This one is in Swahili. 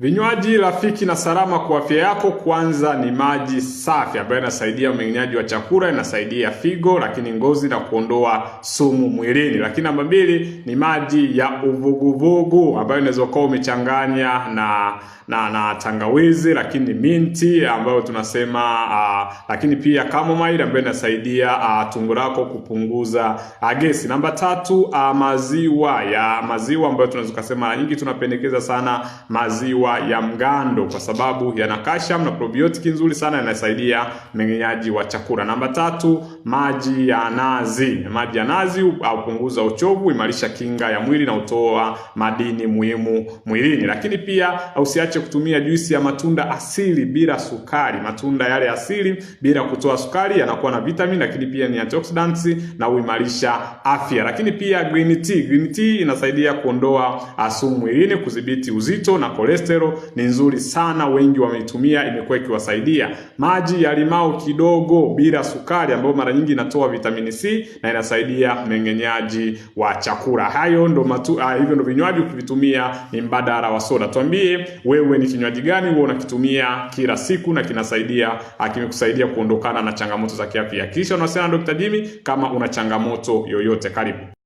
Vinywaji rafiki na salama kwa afya yako, kwanza ni maji safi ambayo inasaidia mmeng'enyaji wa chakula, inasaidia figo, lakini ngozi na kuondoa sumu mwilini. Lakini namba mbili ni maji ya uvuguvugu ambayo inaweza kuwa umechanganya na na na tangawizi, lakini minti ambayo tunasema uh, lakini pia chamomile ambayo inasaidia uh, tumbo lako kupunguza uh, gesi. Namba tatu uh, maziwa ya maziwa ambayo tunaweza kusema nyingi tunapendekeza sana maziwa kuwa ya mgando, kwa sababu yana calcium na probiotic nzuri sana, yanasaidia mmeng'enyaji wa chakula. Namba tatu, maji ya nazi. Maji ya nazi hupunguza uchovu, imarisha kinga ya mwili na utoa madini muhimu mwilini. Lakini pia usiache kutumia juisi ya matunda asili bila sukari. Matunda yale asili bila kutoa sukari yanakuwa na vitamini, lakini pia ni antioxidants na huimarisha afya. Lakini pia green tea, green tea inasaidia kuondoa sumu mwilini, kudhibiti uzito na cholesterol Morogoro ni nzuri sana, wengi wameitumia, imekuwa ikiwasaidia. Maji ya limau kidogo bila sukari, ambayo mara nyingi inatoa vitamini C na inasaidia mmeng'enyaji wa chakula. Hayo ndo matu, ah, hivyo ndo vinywaji ukivitumia ni mbadala wa soda. Tuambie wewe ni kinywaji gani wewe unakitumia kila siku na kinasaidia ah, kimekusaidia kuondokana na changamoto za kiafya. Kisha unawasiliana na Dr. Jimmy kama una changamoto yoyote. Karibu.